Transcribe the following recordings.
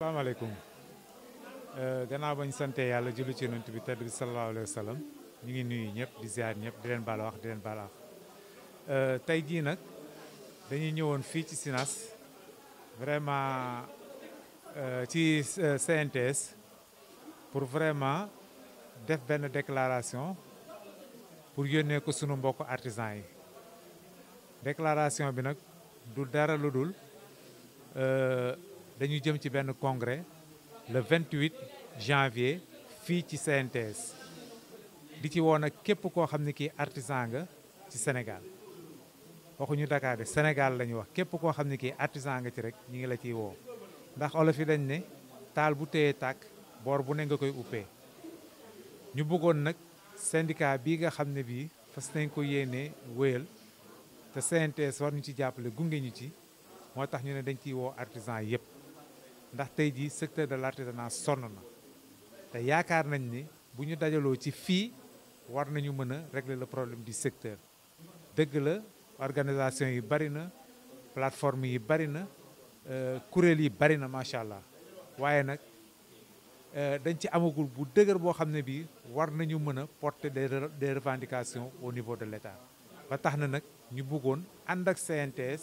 salaamaaleykum euh, gannaaw bañ sante yàlla julli ci yonent bi tedd bi salallaahu alayhi wa sallam ñu ngi nuyu ñëpp di ziar ñëpp di leen baal wax di leen baal wax euh, tey jii nag dañuy ñëwoon fii ci Sinas vraiment euh, ci CNTS pour vraiment def benn déclaration pour yónnee ko sunu mbokk artisan yi déclaration bi nag du dara lu dul dañu jëm ci benn congrès le 28 janvier fii ci CNTS di ci woon ak képp koo xam ne kii artisan nga ci Sénégal waxuñu Dakar de Sénégal la ñu wax képp koo xam ne kii artisan nga ci rek ñu ngi la ciy woo ndax olof yi dañ ne taal bu téyee tàkk boor bu ne nga koy uppee ñu bëggoon nag syndicat bii nga xam ne bii fas nañ ko yéenee wéyal te CNTS war ñu ci jàppale gunge ñu ci moo tax ñu ne dañ ciy woo artisan yépp ndax tey jii secteur de l'artisanat sonn na te yaakaar nañ ni bu ñu dajaloo ci fii war nañu mën a régler le problème di secteur dëgg la organisation yi bari na plateforme yi bari na euh, kuréel yi bari na macha allah waaye nag euh, dañ ci amagul bu dëgër boo xam ne bii war nañu mën a porter des des revendications au niveau de l'État ba tax na nag ñu bëggoon ànd ak CNTS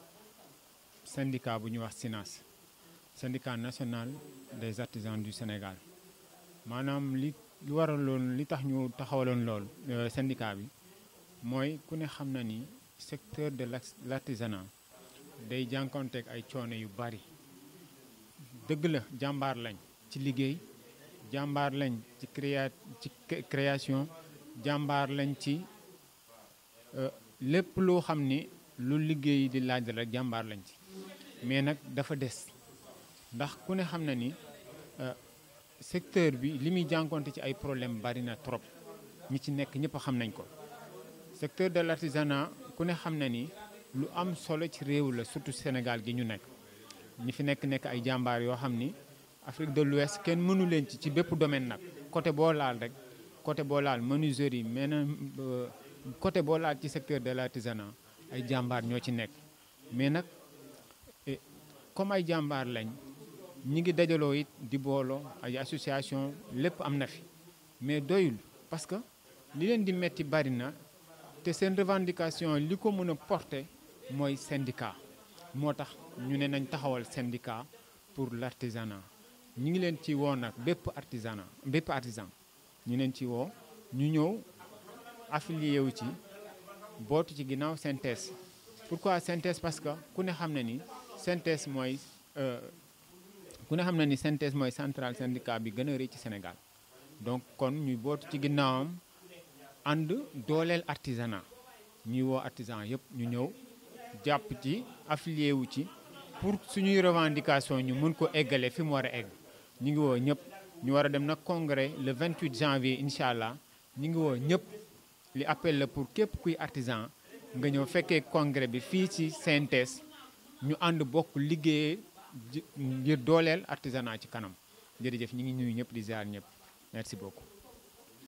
syndicat bu ñuy wax SYNAS syndicat national des artisans du Sénégal manam li lu waraloon li tax ñu taxawaloon lool euh, syndicat bi mooy ku ne xam na ni secteur de l'artisanat day jànkonteeg ay coono yu bari dëgg la jàmbaar lañ ci liggéey jàmbaar lañ ci créa ci création jàmbaar lañ ci euh, lépp loo xam ni lu liggéey di laaj rek jàmbaar lañ ci mais nag dafa des ndax ku ne xam na ni euh, secteur bi li muy jànkonte ci ay problème bari na trop ñi ci nekk ñëpp xam nañ ko secteur de l'artisanat ku ne xam na ni lu am solo ci réew la surtout Sénégal gi ñu nekk ñi fi nekk nekk ay jàmbaar yoo xam ni Afrique de l'Ouest kenn mënu leen ci ci bépp domaine nag côté boo laal rek côté boo laal menuiserie meneen euh, côté boo laal ci secteur de l'artisanat ay jàmbaar ñoo ci nekk mais nag comme ay jàmbaar lañ ñi ngi dajaloo it di booloo ay association lépp am na fi mais doyul parce que li leen di metti bari na te seen revendication li ko mën a porter mooy syndicat moo tax ñu ne nañ taxawal syndicat pour l'artisanat ñu ngi leen ci woo nag bépp artisanat bépp artisan ñu leen ci woo ñu ñëw affilié wu ci bootu ci ginnaaw synthèse pourquoi synthèse parce que ku ne xam na ni synthèse mooy euh, ku ne xamna ni synthèse moy centrale syndicat bi gëna ré ci Sénégal donc kon ñuy bootu ci ginnaawam and dolel artisanat ñuy wo artisan yëpp ñu ñëw japp ci affilié wu ci pour suñuy revendication ñu mën ko égalé fi mo wara égg ñi ngi wo ñëpp ñu wara a dem nag congrès le 28 janvier inshallah ñi ngi wo ñëpp li appel la pour képp kuy artisan nga ñëw fekkee congrès bi fii ci synthèse ñu ànd bokk liggéeyee ngir dooleel artisanat ci kanam jërëjëf ñu ngi nuyu ñëpp di ziar ñëpp merci beaucoup